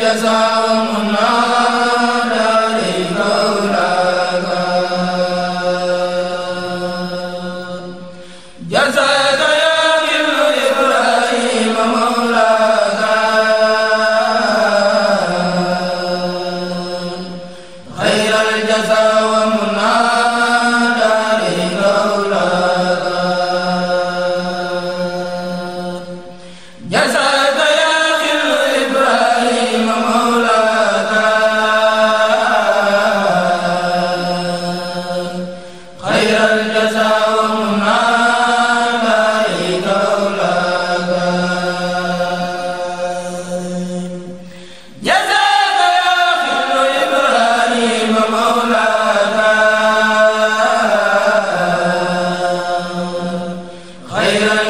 Gaza لا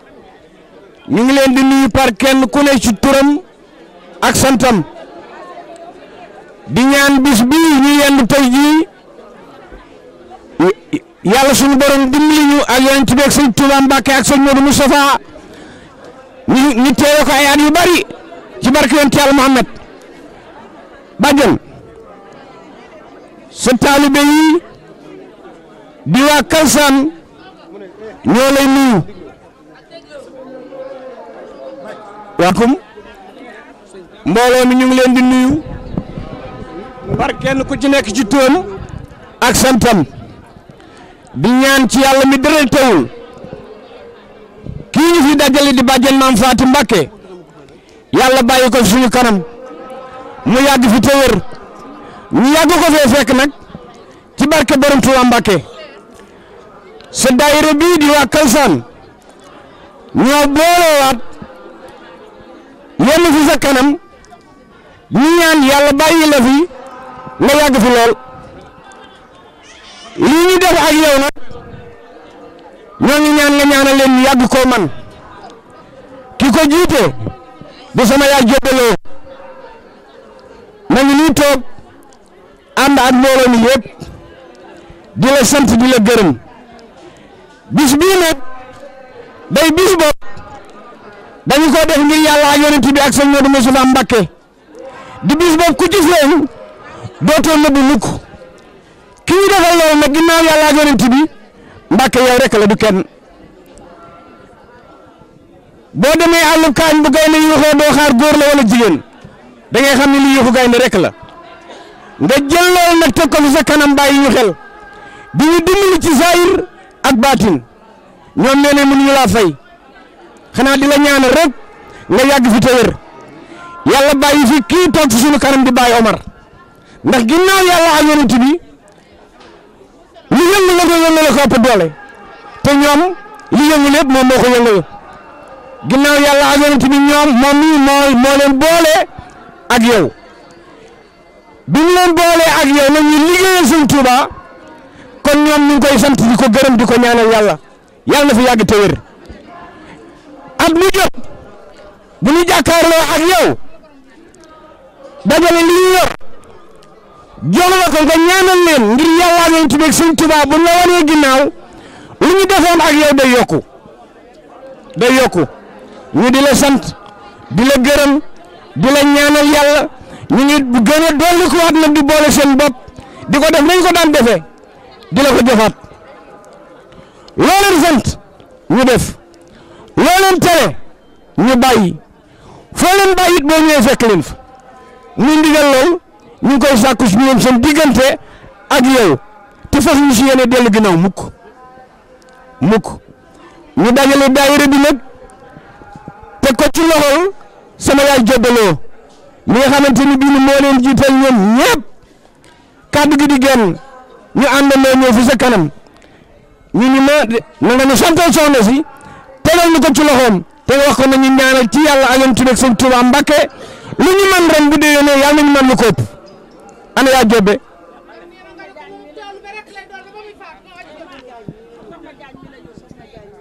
ñu ngi leen di nuyu par kenn ku ne ci turam ak santam di ñaan bis bi ñu yendu tey jii yàlla suñu borom dimbali ñu ak yonent bi ak sëñ Touba ak sëñ Modou Moustapha ñu ñu teewe ko bari ci barke yonent yàlla Muhammad bàjjan sa taalibe yi di waa Kalsaan ñoo lay waaleykum mbooloo mi ñu leen di nuyu par kenn ku ci nekk ci turam ak santam di ñaan ci yàlla mi dëral teewul kii ñu fi dajale di bàjjen maam Fatou Mbacké yàlla bàyyi ko suñu kanam mu yàgg fi te wér yàgg ko fee fekk ci barke borom Touba mbake sa daayira bii di waa Kalsaan ñoo boolewaat yenn fi sa kanam ñu ñaan yàlla bàyyi la fi nga yàgg fi lool li ñu def ak yow nag ñoo ngi ñaan nga ñaanal leen ñu yàgg koo man ki ko jiite du sama yaay jóbeloo ma ngi nii toog ànd ak mbooloo mi yëpp di la sant di la gërëm bis bii nag day bis boo dañu ko def ngir yàlla ak yonent bi ak sëñ Modou Moustapha Mbacké di bis boobu ku gis leen dootoo nëbbu mukk ki ñu defal loolu ginnaaw yàlla ak yonent bi Mbacké yow rek la du kenn boo demee àllub kaañ bu gaynde yuuxoo doo xaar góor la wala jigéen da xam ne li yuuxu gaynde rek la nga jël loolu nag teg ko fi sa kanam bàyyi di ñu dimbali ci saayir ak baatin ñoom nee nañ mënuñu laa xanaa di la ñaanal rek nga yàgg fi te wér yàlla bàyyi fi kii toog ci suñu kanam di bàyyi Omar ndax ginnaaw yàlla ak yonent bi li yëngu la ko yëngu la ko ëpp doole te ñoom li yëngu lépp moom moo ko yëngu ginnaaw yàlla ak yonent bi ñoom moom mii moo moo leen boole ak yow bi ñu leen boole ak yow nag ñu liggéeyal Sëñ Tuuba kon ñoom ñu ngi koy sant di ko gërëm di ko ñaanal yàlla yàlla na fi yàgg te wér at mu jot bu ñu jàkkaarloo ak yow dajale li ñu yor jox la ko ñaanal leen ngir yàlla ak yonent bi ak Sëñ Tuubaa bu ñu la wanee ginnaaw lu ñu defoon ak yow day yokku day yokku ñu di la sant di la gërëm di la ñaanal yàlla ñu ngi gën a dolli ko waat di boole seen bopp di ko def nañ ko daan defee di la ko jofaat loolu sant ñu def. leen tere ñu bàyyi foo leen bàyyi it boo ñëwee fekk leen fa ñu lool ñu koy sàkku suñu yéen seen diggante ak yow te fas ñu si yéene dellu ginnaaw mukk mukk ñu dajale daayira bi nag teg ko ci loxol sama yaay joddaloo mi nga xamante ni bii moo leen jiital ñoom ñëpp kàddu gi di génn ñu àndandoo ñëw fi sa kanam ñu ñu ma na nga ñu santal soxna si tegal ñu ko ci loxoom te wax ko nañu ñaanal ci yàlla ak yonent bi ak ko ëpp ana yaa jobbe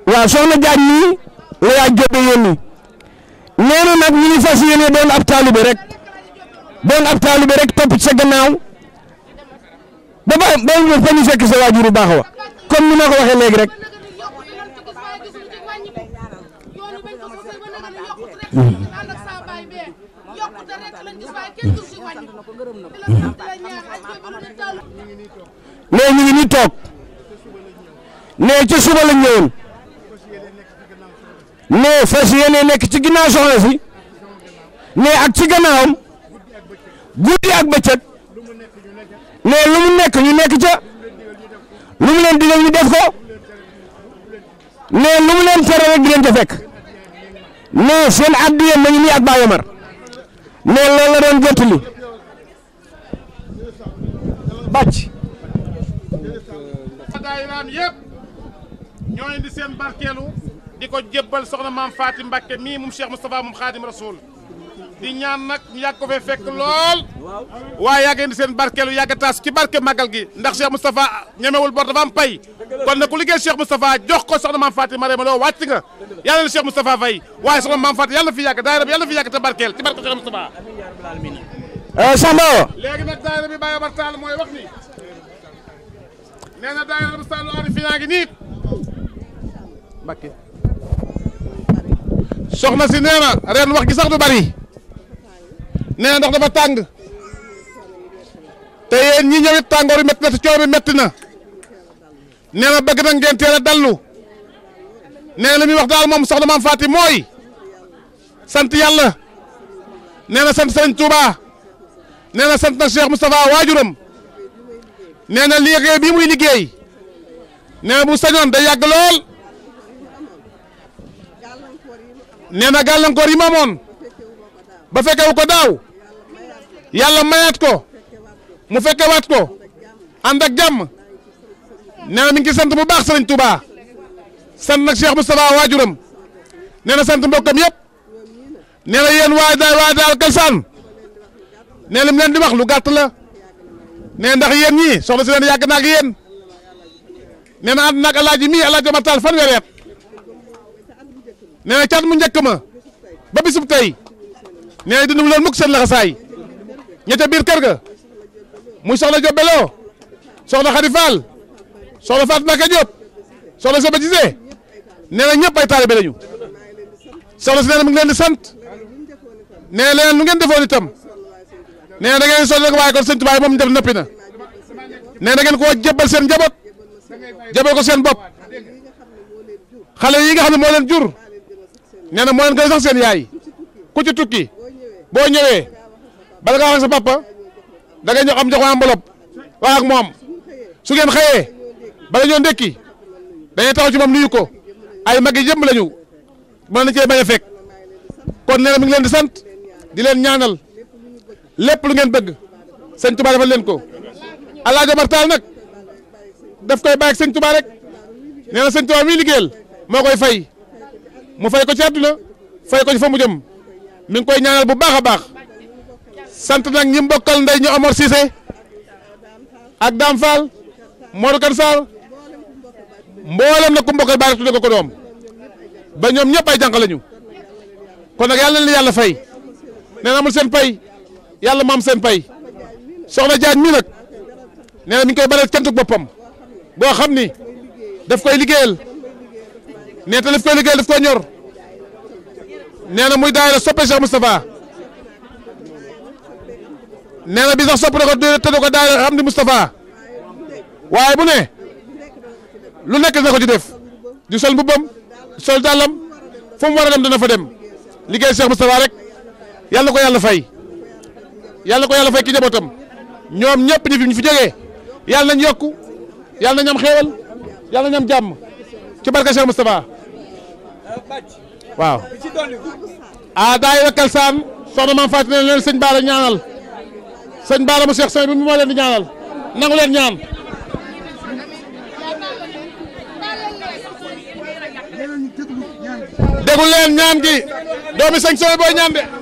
la yaa jobbe yónni nee nag mi ngi fas yéene doon ab taalibe rek doon ab taalibe rek topp ci sa gannaaw ba ba ba ñu fekk sa waajur bu baax wa comme ni ma ko waxee léegi rek. la yokkute rek ànd la sant la nee ñu ngi toog nee ca suba la ñëwoon nee fas yéene nekk ci ginnaaw soxna si nee ak ci gannaawam guddi ak bëccëg nee lu mu nekk ñu nekk ca lu mu leen digal ñu def ko ne lu mu leen tere rek di leen ca fekk ne seen addiya ma ngi nii ak Baay Omar ne loolu la doon jottali bàcc daayiraam yëpp ñoo indi seen barkeelu di ko jébbal soxna maam Faati Mbàkke mii moom Cheikh Moustapha moom Xaadim Rasoul di ñaan nag ñu ko fee fekk lool waaye yàgg indi seen barkeelu yàgg taas ci barke magal gi ndax Cheikh Moustapha ñemewul bor dafa am pay kon nag ku liggéey Cheikh Moustapha jox ko soxna maam Fatima Marème Lo wàcc nga na Cheikh Moustapha fay waaye soxna maam Fatima yàlla fi yàgg daayira fi yàgg te barkeel ci barke Cheikh Moustapha eh, Samba léegi nag daayira bi Baye Omar mooy wax ni nee na daayira bi Sallou si nee na ren wax gi sax du bari nee na ndox dafa tàng te yéen ñi ñëwit tàngoor bi métti na te coono bi métti na nee na bëgg na ngeen teel dallu nee na li muy wax daal soxna maam Faati mooy sant yàlla nee na sant Sëriñ Tuuba nee na sant mu Cheikh Moustapha waajuram nee na liggéey muy liggéey nee na bu sañoon da yàgg lool nee na gàllankoor yi ma ba fekkewu ko daaw yàlla mayaat ko mu fekkewaat ko ànd ak jàmm nee na mi sant bu baax sëriñ Touba sant nag Cheikh Moustapha waajuram nee sant mbokkam yëpp nee na yéen waa daal waa mu leen wax lu gàtt la nee ndax yéen ñii soxna si leen yàgg na ak yéen nee na ànd naag alaaji mii alaaji Omar fan wereet nee cat mu njëkk ma ba bisub tey nee na dina mu leen mukk ñette biir kër ga mu soxna Diop Bello soxna Khady Fall soxna Fatou Mbacké Diop soxna Saba Gisé nee na ñëpp ay taalibe lañu soxna si nee na mu ngi leen di sant nee na leneen lu ngeen defoon itam nee da ngeen sonn rek waaye kon sëñ Tuubaa moom def nëppi na nee na ngeen koo jébal seen njaboot jébal ko seen bopp xale yi nga xam ne moo leen jur nee na moo leen gën a sax seen yaay ku ci tukki boo ñëwee. bala nga wax ak sa papa da ngay am jox ko enveloppe wax moom su ngeen xëyee bala ñoo ndekki dañuy taxaw ci moom nuyu ko ay mag yi yëpp lañu mën na cee bañ a fekk kon nee na mi ngi leen di sant di leen ñaanal lépp lu ngeen bëgg sëñ Touba defal leen ko Alaaji Omar Tall nag daf koy bàyyi ak sëñ Touba rek nee na sëñ Touba mi liggéeyal moo koy fay mu fay ko ci àdduna fay ko ci fa mu jëm mi ngi koy ñaanal bu baax a baax. sant nag ñi mbokkal ndey ñu Omar Cissé ak Dame Fall Modou Kane Fall mboolem na ku mbokkal baay tudde ko ko doom ba ñoom ñëpp ay jànq kon nag yàlla na yàlla fay nee na amul seen pay yàlla maam seen pay soxna Diagne mi nag nee na mi koy baral cantuk boppam boo xam ni daf koy liggéeyal nee te daf koy liggéeyal daf koy ñor nee na muy da soppe Cheikh Moustapha nee na bi sax sopp na ko tëdd ko daayira Amdi Moustapha waaye bu ne lu nekk na ko ci def di sol mbubbam sol dàllam fu mu war a dem dana fa dem liggéey Cheikh Moustapha rek yàlla ko yàlla fay yàlla ko yàlla fay ki njabootam ñoom ñëpp ñu fi ñu fi jógee yàlla nañ yokku yàlla nañ am xéewal yàlla nañ am jàmm ci barka Cheikh Moustapha waaw ah daayira Kalsaan soxna maam fàttali na leen sëñ Baara ñaanal sëñ Baara mu Cheikh Seye bi moo leen di ñaanal nangu leen ñaan. déglu leen ñaan gi doomi sëñ Seye booy ñaan de.